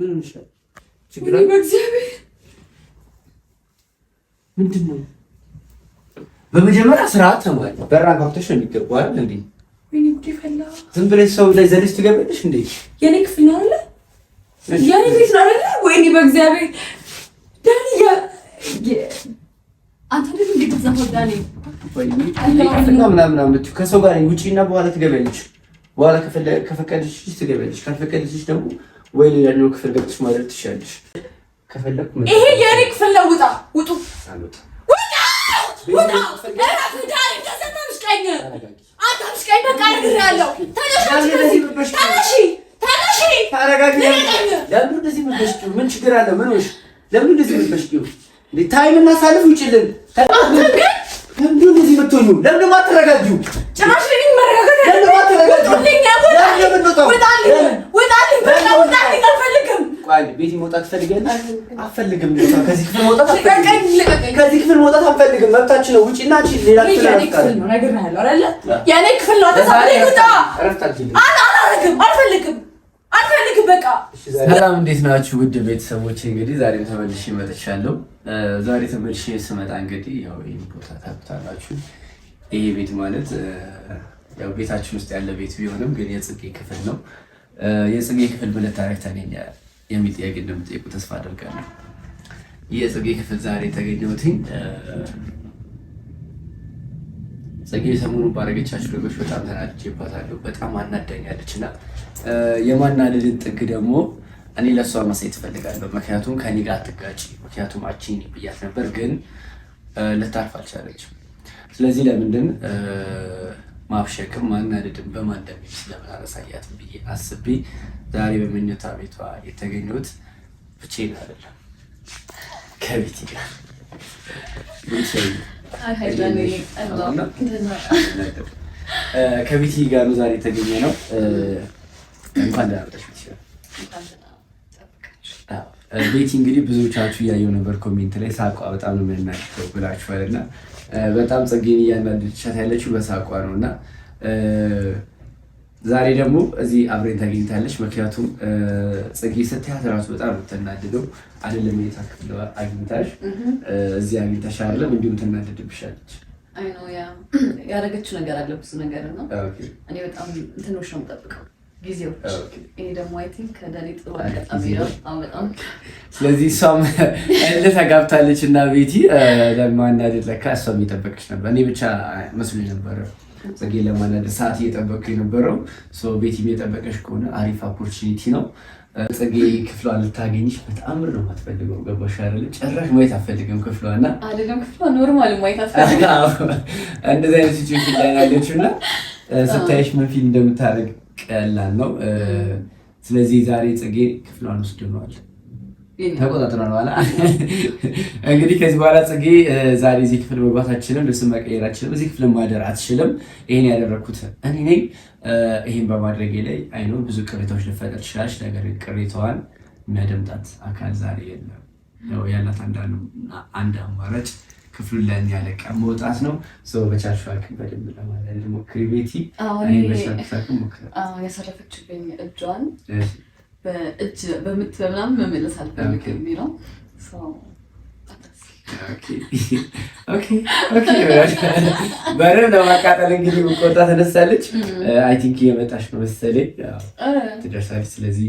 ምን ችግር አለ? በእግዚአብሔር ምንድን ነው? በመጀመሪያ ስርዓት ተማሪ በራ ካፍተሽ ነው የሚገባው አይደል እንዴ? ዝም ብለሽ ሰው ላይ ዘለሽ ትገባለሽ እንዴ? የኔ ክፍል ነው አለ የኔ ክፍል ነው አይደል? ወይኔ በእግዚአብሔር ያ አንተ ምናምን ምናምን የምትይው ከሰው ጋር ውጪ በኋላ ትገቢያለሽ በኋላ ከፈቀደች ትገቢያለሽ፣ ካልፈቀደች ደግሞ ወይ ሌላኛው ክፍል ገብተሽ ማለት ትችላለሽ። ከፈለኩ ይሄ የኔ ክፍል ነው። ውጣ ውጡ ምን ችግር አለ? ምን ሆንሽ? ለምን እንደዚህ የምትበሽቂው? ታይም እናሳልፍ ውጭልን። ለምን እንደዚህ የምትሆኙ? ለምን ጭራሽ መረጋጋት ቤቲ መውጣት ፈልገና ከዚህ ክፍል መውጣት ከዚህ መብታችን ነው። ውጪና ሌላ አልፈልግም ሰላም፣ እንዴት ናችሁ ውድ ቤተሰቦች? እንግዲህ ዛሬም ተመልሼ መጥቻለሁ። ዛሬ ተመልሼ ስመጣ እንግዲህ ያው ይሄን ቦታ ታውቁታላችሁ። ይሄ ቤት ማለት ያው ቤታችን ውስጥ ያለ ቤት ቢሆንም ግን የጽጌ ክፍል ነው። የጽጌ ክፍል ምን ታሪክ ተገኘ የሚል ጥያቄ እንደምጠይቁ ተስፋ አደርጋለሁ። ይህ የጽጌ ክፍል ዛሬ የተገኘሁት ጽጌ ሰሞኑ ባረገቻቸው ነገሮች በጣም ተናድጄባታለሁ። በጣም አናዳኛለች እና የማናደድን ጥግ ደግሞ እኔ ለእሷ ማሳየት እፈልጋለሁ። ምክንያቱም ከኔ ጋር አትጋጭ፣ ምክንያቱም አችኝ ብያት ነበር፣ ግን ልታርፍ አልቻለችም። ስለዚህ ለምንድን ማብሸክም ማናደድም በማዳመጥ ለምን አላሳያትም ብዬ አስቤ ዛሬ በመኝታ ቤቷ የተገኘሁት ብቻዬን አይደለም፣ ከቤት ይላል ከቤት ጋር ነው ዛሬ የተገኘ ነው። እንኳን ደህና መጣሽ ቤት ይላል። ቤቲ እንግዲህ ብዙዎቻችሁ እያየው ነበር ኮሜንት ላይ ሳቋ በጣም ነው የምንናቸው ብላችኋል እና በጣም ጸጌን እያናደድሻት ያለችው በሳቋ ነው እና ዛሬ ደግሞ እዚህ አብሬን ታገኝታለች። ምክንያቱም ጽጌ ስትያት ራሱ በጣም የምትናደደው አይደለም የታ ክፍል አግኝታሽ እዚህ አግኝታሽ አይደለም እንዲሁም ትናደድብሻለች። ያደረገችው ነገር አለ ብዙ ነገር ነው። እኔ በጣም ትንሽ ነው የምጠብቀው ስለዚህ እሷም እልህ ተጋብታለች እና ቤቲ ለማናደድ ለካ እሷም እየጠበቀች ነበር። እኔ ብቻ መስሎኝ ነበረ ጽጌ ለማናደድ ሰዓት እየጠበቅኩ የነበረው ቤቲም የጠበቀች ከሆነ አሪፍ ኦፖርቹኒቲ ነው። ጽጌ ክፍሏ ልታገኝሽ በጣም ነው የማትፈልገው። ገባሽ ጭራሽ ማየት አትፈልግም ክፍሏ እና አይደለም ክፍሏ ኖርማል ማየት አትፈልግም። እንደዚህ አይነት ሲቹዌሽን ላይ ያለችው እና ስታይሽ ምን እንደምታደርግ ቀላል ነው። ስለዚህ ዛሬ ጽጌ ክፍሏን ወስደነዋል ተቆጣጥረን በኋላ እንግዲህ ከዚህ በኋላ ጽጌ ዛሬ እዚህ ክፍል መግባት አትችልም፣ ልብስ መቀየር አትችልም፣ እዚህ ክፍል ማደር አትችልም። ይህን ያደረግኩት እኔ ነኝ። ይህን በማድረጌ ላይ አይኖ ብዙ ቅሬታዎች ልፈጠር ትችላለች። ነገር ቅሬታዋን የሚያደምጣት አካል ዛሬ የለም። ያላት አንድ አማራጭ ክፍሉን ለእኔ ለሚያለቃ መውጣት ነው። ሰው በቻልሽው አቅም በደንብ ለማለት ሞክሪ ቤቲ። ያሰረፈችብኝ እጇን በእጅ በምት በምናምን መመለስ አልፈልግ የሚለው በርን ለማቃጠል እንግዲህ ምቆጣ ተነሳለች። አይ ቲንክ እየመጣች ነው መሰለኝ ትደርሳለች። ስለዚህ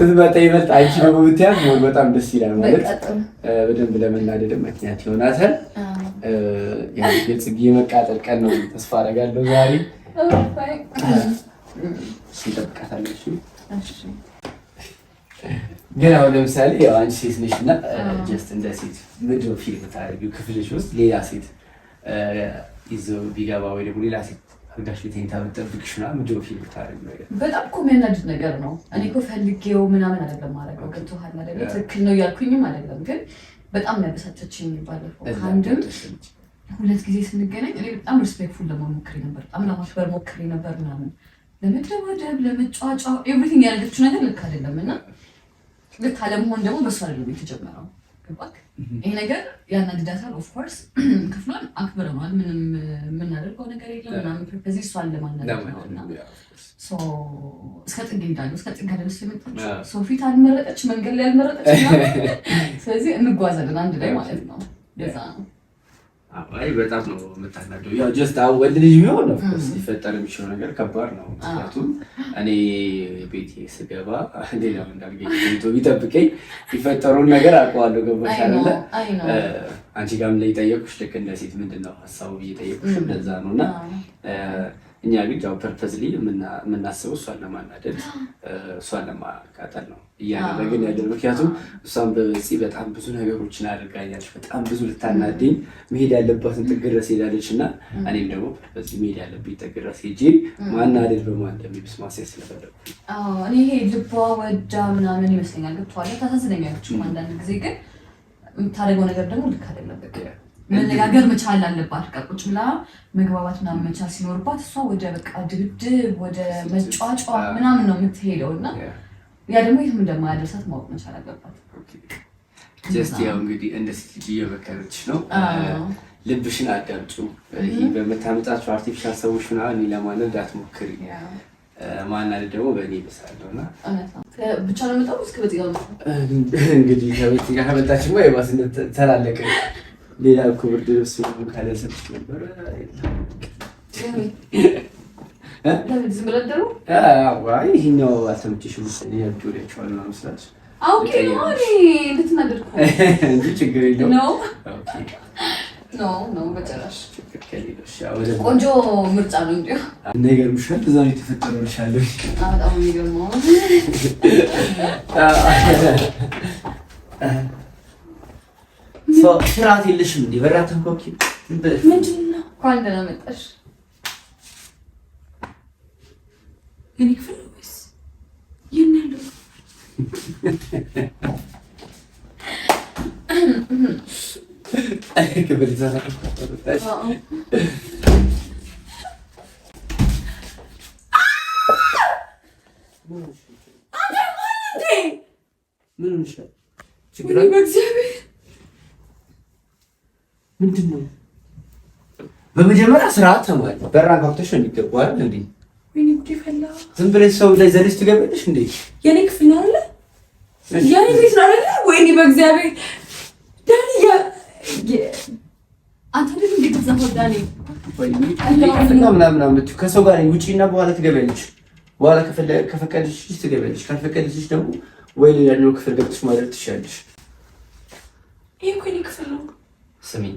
ስትመጣ ይበልጥ አንቺ ደግሞ ብትያዝ መሆን በጣም ደስ ይላል። ማለት በደንብ ለመናደድም ምክንያት ይሆናታል። የጽጌ መቃጠል ቀን ነው ተስፋ አደርጋለሁ። ዛሬ እንጠብቃታለች። ግን አሁን ለምሳሌ ያው አንቺ ሴት ነሽ እና ጀስት እንደ ሴት ምንድነው ፊልም ታደርጊው ክፍልሽ ውስጥ ሌላ ሴት ይዘው ቢገባ ወይ ደግሞ ሌላ ሴት አጋሽ ቴንታ ታብጠብቅሽ ና ምድሮ ፊል ታደርግ በጣም እኮ የሚያናድድ ነገር ነው። እኔ እኮ ፈልጌው ምናምን አይደለም ማለት ነው ገብቶሃል ማለት ትክክል ነው እያልኩኝም አይደለም ግን በጣም ያበሳጨችኝ የሚባለፈው ከአንድም ሁለት ጊዜ ስንገናኝ እኔ በጣም ሪስፔክትፉል ለመሆን ሞክሬ ነበር፣ በጣም ለማክበር ሞክሬ ነበር ምናምን ለመደባደብ ለመጫጫ ኤቭሪቲንግ ያደረገችው ነገር ልክ አይደለም እና ልክ አለመሆን ደግሞ በሱ አይደለም የተጀመረው ገባክ? ይሄ ነገር ያናድዳታል። ኦፍኮርስ ክፍሏን አክብረነዋል። ምንም የምናደርገው ነገር የለም ምናምን ፐርፐዝ እሷን ለማናደድ ነው እስከ ጥግ ሄዳለሁ። እስከ ጥግ ደርስ የመጣችው ሰው ፊት አልመረጠች፣ መንገድ ላይ አልመረጠች። ስለዚህ እንጓዛለን አንድ ላይ ማለት ነው። ለዛ ነው አይ በጣም ነው የምታናደው። ያው ጀስት አሁን ወንድ ልጅ ቢሆን ኦፍኮርስ ሊፈጠር የሚችለው ነገር ከባድ ነው። ምክንያቱም እኔ ቤቴ ስገባ ሌላ እንዳልገኝቶ ቢጠብቀኝ ሊፈጠሩን ነገር አውቀዋለሁ። ገባሽ አይደለ? አንቺ ጋርም ላይ ጠየቁሽ ልክ እንደ ሴት ምንድን ነው ሀሳቡ ብዬ ጠየቁሽ እንደዛ ነው እና እኛ ግን ያው ፐርፐዝሊ የምናስበው እሷን ለማናደድ እሷን ለማቃጠል ነው እያደረግን ያለ። ምክንያቱም እሷን በዚህ በጣም ብዙ ነገሮችን አድርጋኛለች። በጣም ብዙ ልታናደኝ መሄድ ያለባትን ጥግ ሄዳለች እና እኔም ደግሞ በዚ መሄድ ያለብኝ ጥግ ድረስ ሄጄ ማናደድ በማን እንደሚብስ ማስያ ስለፈለጉ እኔ ይሄ ልቧ ወዳ ምናምን ይመስለኛል። ገብተዋለ ታሳዝነኛለች። አንዳንድ ጊዜ ግን የምታደርገው ነገር ደግሞ ልክ አይደለም። መነጋገር መቻል አለባት። በቃ ቁጭ ብላ መግባባት ምናምን መቻል ሲኖርባት እሷ ወደ በቃ ድብድብ ወደ መጫጫ ምናምን ነው የምትሄደው እና ያ ደግሞ ይህም እንደማያደርሳት ማወቅ መቻል አለባት። ጀስት ያው እንግዲህ እንደ ሴት ልጅ እየመከረች ነው። ልብሽን አዳምጩ። ይህ በምታመጣቸው አርቲፊሻል ሰዎች ምናምን ለማለ እንዳትሞክሪ። ማናል ደግሞ በእኔ ይመስላለሁ እና ብቻ ነው የምጣው እስከ በጤ እንግዲህ ከቤት ጋር ከመጣችማ የባስነት ተላለቀ ሌላ እኮ ብርድ ልብስ ካለሰብሽ ነበረ ይሄኛው አልተመቸሽም ብያቸዋለሁ መስራት እንጂ ችግር የለውም። ቆንጆ ምርጫ ነው። እንዲ ይገርምሻል። እዛ ነው የተፈጠረው። ልሻለሁ በጣም የሚገርመው ስርዓት የለሽም እንዴ? በራ ተንኮኪ እንኳን ደህና መጣሽ። የእኔ ክፍል ወይስ የእኔ ያለው? ምን ሆነሻል? ችግር አለ? ምንድን ነው? በመጀመሪያ ስርዓት ተማሪ በራ ከፍተሽ ነው የሚገባው አይደል እንዴ? ዝም ብለሽ ሰው ላይ ዘለሽ ትገበልሽ እንዴ? የኔ ክፍል ነው አይደል? የኔ ቤት ነው ወይኔ በእግዚአብሔር ዳኒ አንተ ልጅ እንዴት ዘፈ ዳኒ ምናምን ብትይው ከሰው ጋር ውጪ በኋላ ትገበልሽ። በኋላ ከፈቀድሽ ትገበልሽ፣ ካልፈቀድሽ ደግሞ ወይ ሌላ ክፍል ገብተሽ ማድረግ ትችላለሽ። ይሄ እኮ ክፍል ነው። ስሚኝ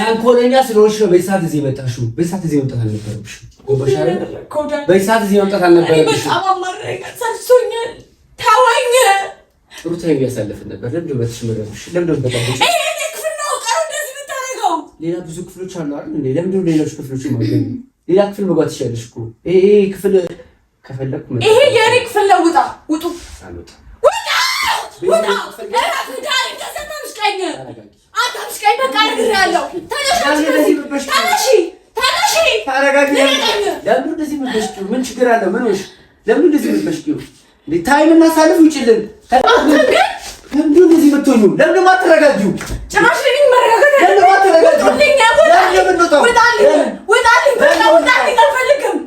ተንኮለኛ ስለሆንሽ ነው በዚህ ሰዓት እዚህ የመጣሽው። በዚህ ሰዓት እዚህ መምጣት አልነበረብሽም። በዚህ ሰዓት እዚህ መምጣት አልነበረብሽም። ጥሩ ታይም እያሳለፍን ነበር። ነው የምትሽመረምሽ? ለምንድን ነው ሌላ ብዙ ክፍሎች አሉ አይደል? ለምንድን ነው ሌሎች ክፍሎች ማገኝ? ሌላ ክፍል መግባት ትችያለሽ እኮ። ይሄ ክፍል ከፈለኩ ይሄ የኔ ክፍል ነው። ውጣ! ውጡ! ውጣ! ውጣ! አታምሽቀኝ። በቃ ነግሬሃለሁ። ተነሺ ተነሺ። ተረጋጊ። ለምን እንደዚህ የምትበሽቂው? ምን ችግር አለ? ምን ሆንሽ? ለምን እንደዚህ የምትበሽቂው? ታይም እናሳልፍ። ውጭልን። ለምንድን እንደዚህ የምትሆኙ? ለምንድን የማትረጋጊው? ጭራሽ ለምን አትረጋጊው? ውጣልኝ፣ ውጣልኝ፣ ውጣልኝ። አልፈልግም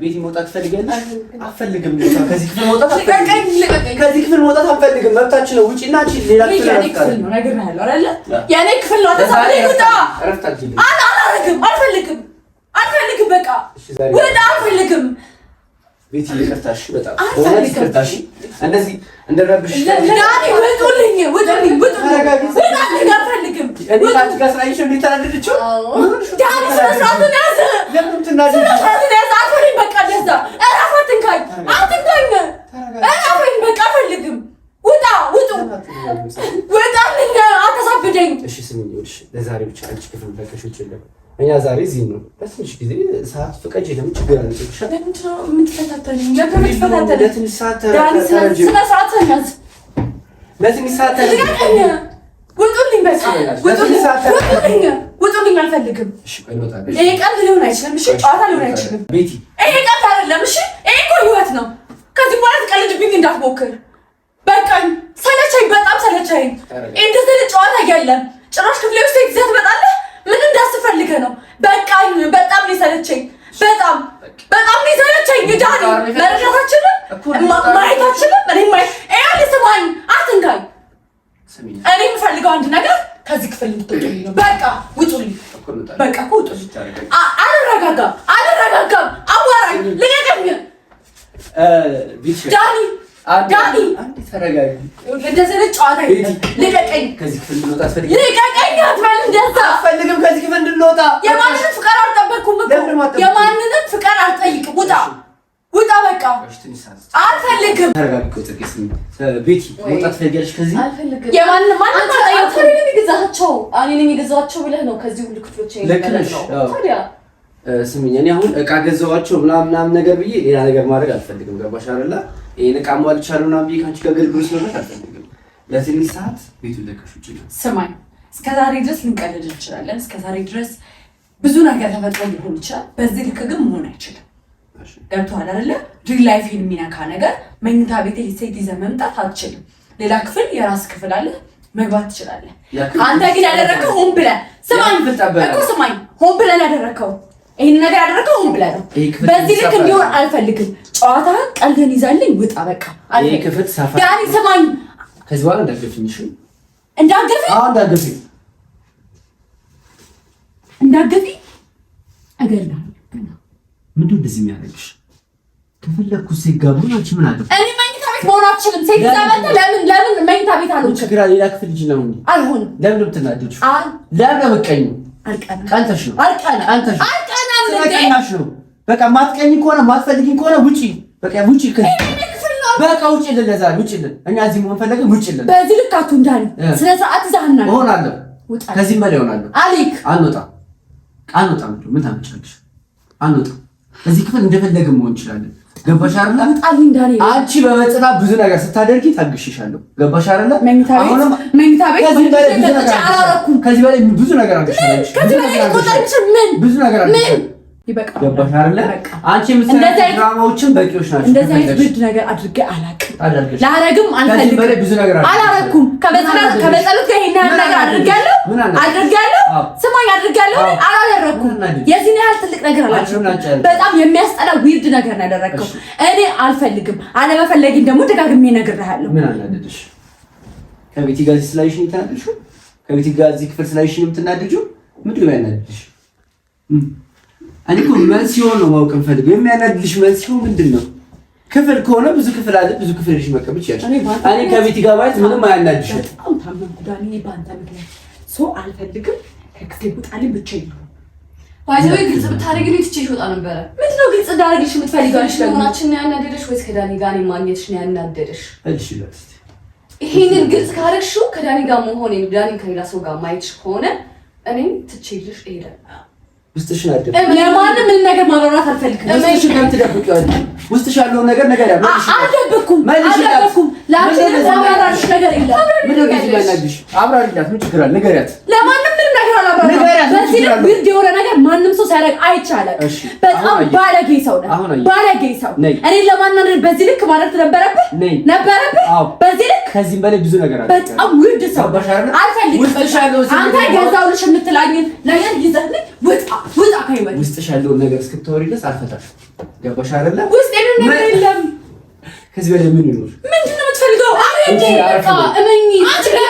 ቤት መውጣት ትፈልጋለህ? ከዚህ ክፍል መውጣት አልፈልግም። መብታችን ነው። ውጪ እና ሌላ ክፍል በቃ ደዛ እራፍ እኛ ዛሬ እዚህ ነው። በትንሽ ጊዜ ሰዓት ፍቀጅ። ለምን ችግር አለ? ለምን ትፈታተለኝ? ለትንሽ ሰዓት ውጡልኝ፣ አልፈልግም። ይሄ ቀልድ ሊሆን አይችልም። እሺ፣ ህይወት ነው። ከዚህ በኋላ ትቀልድብኝ እንዳትሞክር። በቃኝ፣ ሰለቸኝ፣ በጣም ሰለቸኝ። እንደዚህ ጨዋታ እያለን ጭራሽ ክፍሌ ውስጥ ጊዜ ትመጣለህ። ምን እንዳስፈልገህ ነው? በቃኝ፣ በጣም ነው የሰለቸኝ። በጣም በጣም ነው የሰለቸኝ። መረዳታችንም ማየታችንም እኔ ማየ ይኸውልህ፣ ስማኝ፣ አትንካኝ እኔ የምፈልገው አንድ ነገር ከዚህ ክፍል ልትወጡልኝ ነው። በቃ ውጡልኝ፣ በቃ ውጡልኝ። አልረጋጋም፣ አልረጋጋም። አዋራኝ፣ ልቀቀኝ። ዳኒ፣ ዳኒ፣ እንደዚህ ጨዋታ ልቀቀኝ፣ ልቀቀኝ። አትበል እንደዛ። የማንንም ፍቃድ አልጠበቅኩም፣ የማንንም ፍቃድ አልጠይቅም። ውጣ በቃ አልፈልግም። ቤቲ መውጣት ከዚህ የገዛቸው ብለህ ነው ከዚህ ሁሉ ክፍሎች ስሚኝ እኔ አሁን እቃ ገዛኋቸው ምናምን ምናምን ነገር ብዬ ሌላ ነገር ማድረግ አልፈልግም። ገባሽ አይደለ? ይሄን እቃ ምናምን ብዬ ከአንቺ ጋር አልፈልግም። ሰዓት ለቀሽ ውጭ ስማኝ፣ እስከ ዛሬ ድረስ ልንቀልድ እንችላለን። እስከ ዛሬ ድረስ ብዙ ነገር ተፈጥሮ ሊሆን ይችላል። በዚህ ልክ ግን መሆን አይችልም። ገብተዋል አይደለ? ድሪ ላይፍ የሚነካ ነገር መኝታ ቤት ሴት ይዘህ መምጣት አትችልም። ሌላ ክፍል የራስ ክፍል አለ፣ መግባት ትችላለህ። አንተ ግን ያደረግከው ሆን ብለህ ስማኝ እኮ ስማኝ፣ ሆን ብለህ ያደረግከው ይህን ነገር ያደረግከው ሆን ብለህ ነው። በዚህ ልክ እንዲሆን አልፈልግም። ጨዋታ ቀልድህን ይዛልኝ ውጣ፣ በቃ ዳኒ ስማኝ። ከዚህ በኋላ እንዳገፍኝ እንዳገፊ እንዳገፊ እገር ነው ምንድን እንደዚህ የሚያደርግሽ? ከፈለግኩ ሴት ጋር ብሆን አንቺ ምን አገባሽ? እኔ መኝታ ቤት መሆን አልችልም። ሴት ጋር መጥተህ ለምን ለምን መኝታ ቤት አልሆንኩም። ሌላ ክፍል ልጅ ነው እንዴ? አልሆንም። ለምን ምትናደጁ? ለምን ምቀኙ? ቀንተሽ ነው አልቀና ቀንተሽ ነው። በቃ ማትቀኝ ከሆነ ማትፈልጊኝ ከሆነ ውጪ፣ በቃ ውጪ በቃ ውጭ ለዛ ውጭ እኛ እዚህ መሆን ፈለገ ውጭ ልን በዚህ ልካቱ አቱ እንዳል ስነ ስርዓት ዛህና አለ ከዚህ በላይ እሆናለሁ። አሊክ አንወጣ አንወጣም። ምን ታመጫለሽ? አንወጣ እዚህ ክፍል እንደፈለገ መሆን እንችላለን። ገባሽ አይደለ? አንቺ በመጽና ብዙ ነገር ስታደርጊ ታግሽሻለሁ። ገባሽ አይደለ? መኝታ ቤት መኝታ ቤት ከዚህ በላይ ብዙ ነገር አላረኩም። ከዚህ አግሽሻለሁ። ብዙ ነገር አግሽሻለሁ። ገባሽ አይደለ? አንቺ የምትሰሪያቸው ድራማዎችን በቂዎች ናቸው። እንደዚህ አይነት ብድ ነገር አድርጌ አላውቅም፣ ላደርግም አልፈልግም። አላደረኩም። ከበጸሎት ጋር ይሄን ነገር አድርጌያለሁ፣ አድርጌያለሁ። ስማኝ፣ አድርጌያለሁ፣ አላረኩም ትልቅ ነገር አላችሁ። በጣም የሚያስጠላ ዊርድ ነገር ነው ያደረግከው። እኔ አልፈልግም። አለመፈለግን ደግሞ ደጋግሜ እነግርሃለሁ። ምን አናደድሽ? ከቤቲ ጋር እዚህ ስላይሽ ነው የምትናደድሽው። ከቤቲ ጋር እዚህ ክፍል ስላይሽ ነው የምትናደድሽው። ምንድን ነው ያናደድሽ? እኔ እኮ መልስ ሲሆን ነው ማወቅ የምፈልገው። የሚያናድድሽ መልስ ሲሆን ምንድን ነው? ክፍል ከሆነ ብዙ ክፍል አለ። ብዙ ክፍል ልሽ መቀመጥ ይችላል። እኔ ከቤቲ ጋር ባይት ምንም አያናድሽ። በጣም ታመምኩ ዳኒ፣ በአንተ ምክንያት ሰው አልፈልግም። ከክፍሌ ቁጣልኝ ብቻ ይሉ ባይዘዌ ግልጽ ብታደርግ ልጅ ትቼሽ ወጣ ነበረ። ምንድን ግልጽ እንዳደርግልሽ የምትፈልጊው? አንቺ ለመሆናችን ነው ያናደደሽ ወይስ ከዳኒ ጋር እኔን ማግኘትሽ ነው ያናደደሽ? ይሄንን ግልጽ ካደረግሽው ከዳኒ ጋር መሆን ዳኒ ከሌላ ሰው ጋር ማየትሽ ከሆነ እኔም ትቼልሽ እሄዳለሁ። ውስጥሽን ለማንም ምን ነገር ማብራራት አልፈልግም። ውስጥሽን ከምትደብቂዋለሽ ውስጥሽ ያለውን ነገር ነገር ያለው አልደብኩም ነገር ማብራራሽ ነገር የለም። ምን ነገር ይላልሽ? አብራሪላት። ችግር አለ? ንገሪያት ለማን ብርድ የሆነ ነገር ማንም ሰው ሲያደርግ አይቻለም። በጣም ባለጌ ሰው ነህ፣ ባለጌ ሰው። እኔን ለማናደድ በዚህ ልክ ማለት ነበረብህ ነበረብህ፣ በዚህ ልክ ከዚህም በላይ ብዙ ነገር አለ። በጣም ውድ ሰው አልፈልግም። አንተ ገዛው የምትላኝን ነገር ይዘህልኝ ውጣ፣ ውጣ ከይወል ውስጥሽ ያለውን ነገር እስክታወሪ ድረስ አልፈታሽም። ገባሽ አይደለ? ውስጥ የምን ነገር የለም። ከዚህ በላይ ምን ይኖር? ምንድን ነው የምትፈልገው? አሁን እንዴ በቃ እመኚ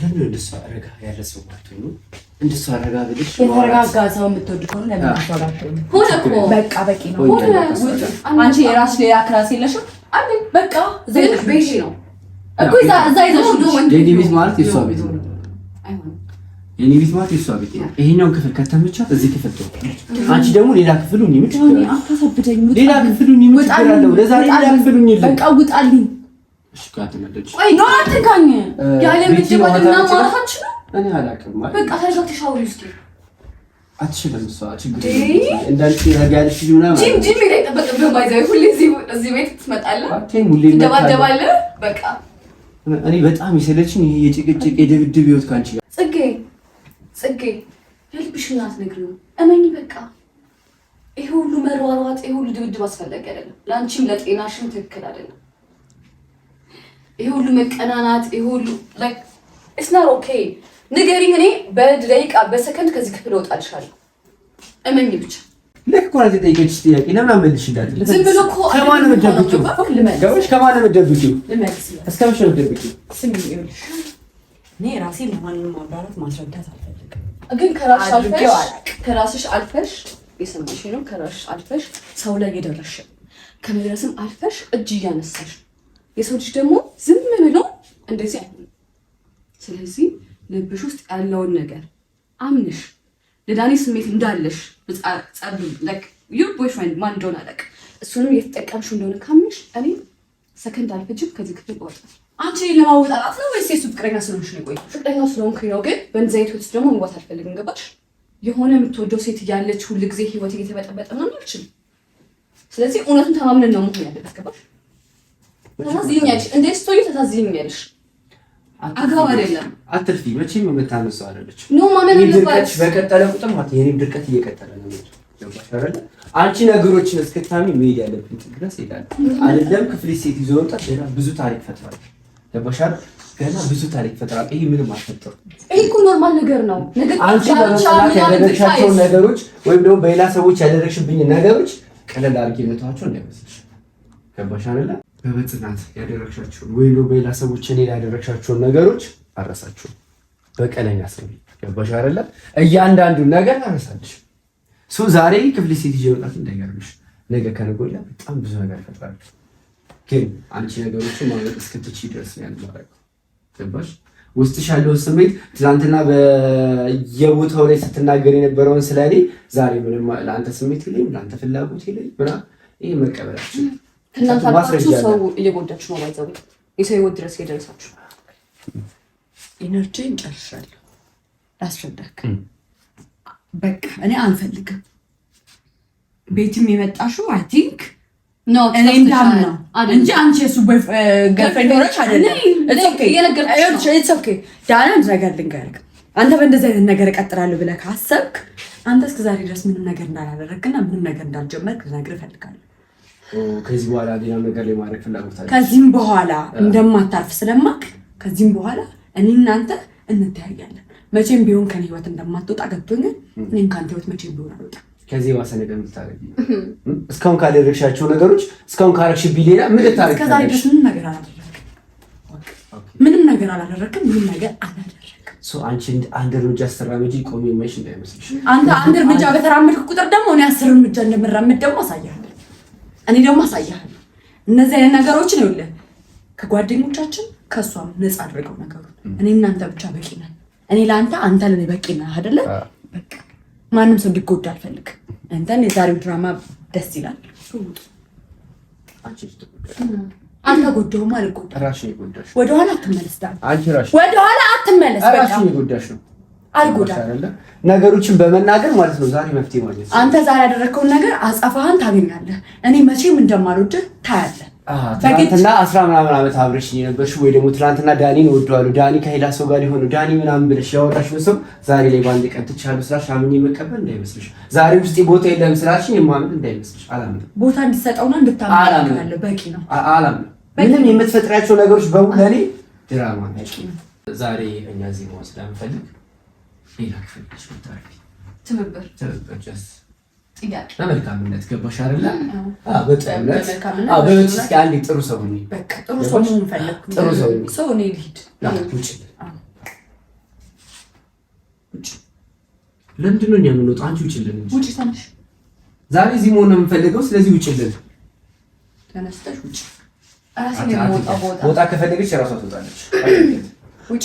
ለምን እንደሷ አረጋ ያለ ሰው ባትሆኑ እንደሷ አረጋ ብልሽ የተረጋጋ ሰው የምትወድ ከሆነ ለምን በቃ በቂ ነው። አንቺ የራስሽ ሌላ ክላስ የለሽም? አንዴ በቃ ዘይት ቤት ነው እኮ እዛ ይዘሽ ነው። ቤት ማለት የሷ ቤት ነው። የኔ ቤት ማለት የሷ ቤት ነው። ይሄኛው ክፍል ከተመቻት እዚህ ክፍል ነው። አንቺ ደግሞ ሌላ ክፍሉን ይምጭ ሌላ ክፍሉን ይምጭ ሌላ ክፍሉን ይልቅ በቃ ውጣልኝ እሺ ካትመደች ወይ ነው አትንካኝ። ያለ ምድባልና ማራታች እኔ አላውቅም። በቃ ተረጋግተሽ አውሪ እስኪ። አትችልም እሷ ችግር እንዳንቺ ያለሽ ልጅ ጂም ጂም ይጠበቅብህ ሁሌ እዚህ ቤት ትመጣለህ፣ በቃ እኔ በጣም የሰለችኝ ይሄ የጭቅጭቅ የድብድብ ህይወት ካንቺ ጋር ጽጌ ጽጌ የልብሽን አትነግሪውም። በቃ ይሄ ሁሉ መሯሯጥ፣ ይሄ ሁሉ ድብድብ አስፈላጊ አይደለም። ለአንቺም ለጤናሽም ትክክል አይደለም። ይሄ ሁሉ መቀናናት፣ ይሄ ሁሉ ላይክ ኢትስ ናት ኦኬ። ንገሪኝ፣ እኔ በደቂቃ በሰከንድ ከዚህ ክፍል እወጣልሻለሁ። እመኝ ብቻ ልክ እኮ ናት የጠየቀችሽ ጥያቄ። ለምን አመልሽ እንዳትል ዝም ብሎ እኮ ከማን የምትደብቂው? ከማን የምትደብቂው? እስከ መቼ ነው የምትደብቂው? ስሚ፣ ይኸውልሽ እኔ ራሴ ለማንም ማብራራት ማስረዳት አልፈልግም፣ ግን ከራስሽ አልፈሽ ከራስሽ አልፈሽ የሰማሽ ነው። ከራስሽ አልፈሽ ሰው ላይ የደረሽ ከመድረስም አልፈሽ እጅ እያነሳሽ የሰው ልጅ ደግሞ ዝም ብሎ እንደዚህ አይሆንም። ስለዚህ ልብሽ ውስጥ ያለውን ነገር አምንሽ ለዳኒ ስሜት እንዳለሽ ጸብ ዩ ቦይፍሬንድ ማን እንደሆነ አለቅ እሱንም የተጠቀምሽው እንደሆነ ካምንሽ እኔ ሰከንድ አልፈጅም ከዚህ ክፍል እወጣለሁ። አንቺ ለማወጣጣት ነው ወይስ የሱ ፍቅረኛ ስለሆንሽ ነው? ቆይ ፍቅረኛ ስለሆንኩኝ ነው፣ ግን በእንዚ አይነት ውስጥ ደግሞ መግባት አልፈልግም። ገባሽ? የሆነ የምትወደው ሴት እያለች ሁልጊዜ ህይወት እየተበጠበጠ ምናምን አልችልም። ስለዚህ እውነቱን ተማምነን ነው መሆን ያለበት። ገባሽ? ታሳዝኛለሽ። እንደ ስቶሪ አግባብ አይደለም። አትልፊ መቼም የምታነሳው አይደለች። ኖ ማመን በቀጠለ ቁጥር ማለት የኔም ድርቀት እየቀጠለ ነው። አንቺ ነገሮችን እስክታሚ መሄድ ያለብኝ ድረስ አይደለም ክፍል ሴት ይዞ መምጣት ገና ብዙ ታሪክ ፈጥራል። ገባሽ ገና ብዙ ታሪክ ፈጥራል። ይሄ ምንም ይሄ እኮ ኖርማል ነገር ነው። አንቺ ያደረግሻቸውን ነገሮች ወይም ደግሞ በሌላ ሰዎች ያደረግሽብኝ ነገሮች ቀለል አድርጌ የምታዋቸው እንዳይመስልሽ። ገባሽ አይደለም? በመጽናት ያደረግሻቸውን ነው በሌላ ሰዎች እኔ ያደረግሻቸውን ነገሮች አረሳችሁ። በቀለኛ ሰው ገባሽ አይደለ? እያንዳንዱ ነገር አረሳልሽ። ሶ ዛሬ ክፍል ሴት ይዤ መጣት እንዳይገርምሽ። ነገ ከነገ ወዲያ በጣም ብዙ ነገር ፈጥራለች፣ ግን አንቺ ነገሮችን ማለት እስክትችይ ድረስ ነው ያለ። ገባሽ? ውስጥሽ ያለውን ስሜት ትናንትና በየቦታው ላይ ስትናገር የነበረውን ስለ እኔ ዛሬ ምንም ለአንተ ስሜት የለኝም፣ ለአንተ ፍላጎት የለኝም ብላ ይህ መቀበላችን እናንተ አልኳችሁ ሰው እየጎዳችሁ ነው። ባይዘው የሰው ህይወት ድረስ የደረሳችሁ ኢነርጂ እንጨርሻለሁ። ላስረዳክ በቃ እኔ አንፈልግም። ቤትም የመጣሽው አይ ቲንክ እንጂ አንቺ የሱ ገርፍሬንድ አይደለም። ነገር ልንገርክ፣ አንተ በእንደዚህ አይነት ነገር እቀጥላለሁ ብለህ ካሰብክ አንተ እስከ ዛሬ ድረስ ምንም ነገር እንዳላደረግና ምንም ነገር እንዳልጀመርክ ልነግርህ እፈልጋለሁ። ከዚህ በኋላ ሌላ ነገር ላይ ማድረግ ፍላጎት አለ። ከዚህም በኋላ እንደማታርፍ ስለማቅ ከዚህም በኋላ እኔ እናንተ እንተያያለን። መቼም ቢሆን ከኔ ህይወት እንደማትወጣ ገብቶኛል። እኔም ከአንተ ህይወት መቼም ቢሆን አልወጣም። ከዚህ የባሰ ነገር ምታደረግ እስካሁን ካደረግሻቸው ነገሮች እስካሁን ካረግሽብኝ ሌላ ምን ልታደርግ? እስከዛሬ ድረስ ምንም ነገር አላደረግም። ምንም ነገር አላደረግም። ምንም ነገር አላደረግም። አንቺ አንድ እርምጃ ስትራመጂ ቆሜ የማይሽ እንዳይመስልሽ። አንተ አንድ እርምጃ በተራመድክ ቁጥር ደግሞ እኔ አስር እርምጃ እንደምራመድ ደግሞ አሳያለሁ። እኔ ደግሞ አሳያለሁ። እነዚህ አይነት ነገሮችን ይኸውልህ ከጓደኞቻችን ከእሷም ነፃ አድርገው ነገሩን። እኔ እናንተ ብቻ በቂ ነን። እኔ ለአንተ አንተ ለእኔ በቂ ነህ አይደለ? በቃ ማንም ሰው እንዲጎዳ አልፈልግ። እንትን የዛሬው ድራማ ደስ ይላል። አልተጎዳሁም፣ አልጎዳሁም። ወደኋላ አትመለስ፣ ወደኋላ አትመለስ። ነገሮችን በመናገር ማለት ነው። ዛሬ መፍትሄ ማለት አንተ ዛሬ ያደረግከውን ነገር አጸፋህን ታገኛለህ። እኔ መቼም እንደማልወድህ ታያለህ። ትናንትና አስራ ምናምን ዓመት አብረሽ የነበርሽ ወይ ደግሞ ትናንትና ዳኒን እወደዋለሁ ዳኒ ከሄዳ ሰው ጋር የሆነው ዳኒ ምናምን ብለሽ ያወራሽው ሰው ዛሬ ላይ በአንድ ቀን ትቻለሁ ስራሽ አምን የመቀበል እንዳይመስልሽ። ዛሬ ውስጥ ቦታ የለም ስላልሽኝ የማምን እንዳይመስልሽ። አላምንም። ቦታ እንድትሰጠውና እንድታምናለ በቂ ነው። አላምንም። ምንም የምትፈጥሪያቸው ነገሮች በሙሉ ለእኔ ድራማ ናቸው። ዛሬ እኛ መወስዳ ንፈልግ ሌላ ክፍል ነች የምታደርጊ ትብብር ትብብር ጀስ በመልካምነት ገባሽ አይደለ? በጥሩነት እስኪ አንዴ ጥሩ ሰው ጥሩ ሰው ጥሩ ሰው እኔ ልሂድ። ለምንድን ነው እኛ የምንወጣው? አንቺ ውጭልን ውጭ። ትንሽ ዛሬ እዚህ መሆን ነው የምንፈልገው። ስለዚህ ውጭልን። ተነስተሽ ውጭ። ወጣ ከፈለገች የራሷ ትወጣለች። ውጭ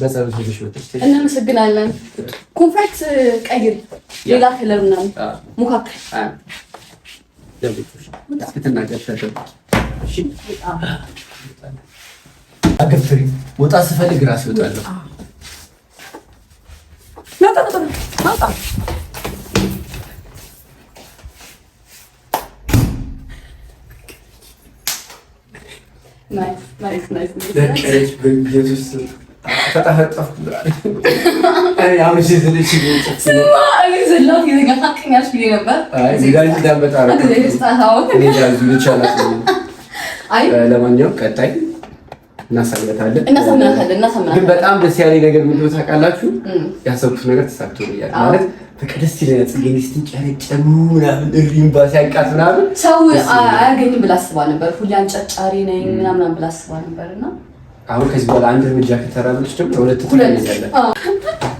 በጸሎት ልጅሽ ወጥሽ እናመሰግናለን። ኮንፈርት ቀይር፣ ሌላ ከለር ምናምን ሙካከል አገብሪ ወጣ ስፈልግ ራስ ይወጣለሁ ለማንኛውም ቀጣይ እናሳምናታለን በጣም ደስ ያለኝ ነገር ምንድን ነው ታውቃላችሁ? ያሰብኩት ነገር ተሳክቶልኛል ማለት በቃ ደስ ይለኛል። ጽጌ እንዲህ ስትንጨረጨር ምናምን እምባ ሲያቃት ምናምን ሰው አያገኝም ብላ አስባ ነበር። ሁሌ አንጨጫሪ ነኝ ምናምን ብላ አስባ ነበር እና አሁን ከዚህ በኋላ አንድ እርምጃ ከተራመድሽ ደግሞ ሁለት ትለኛለህ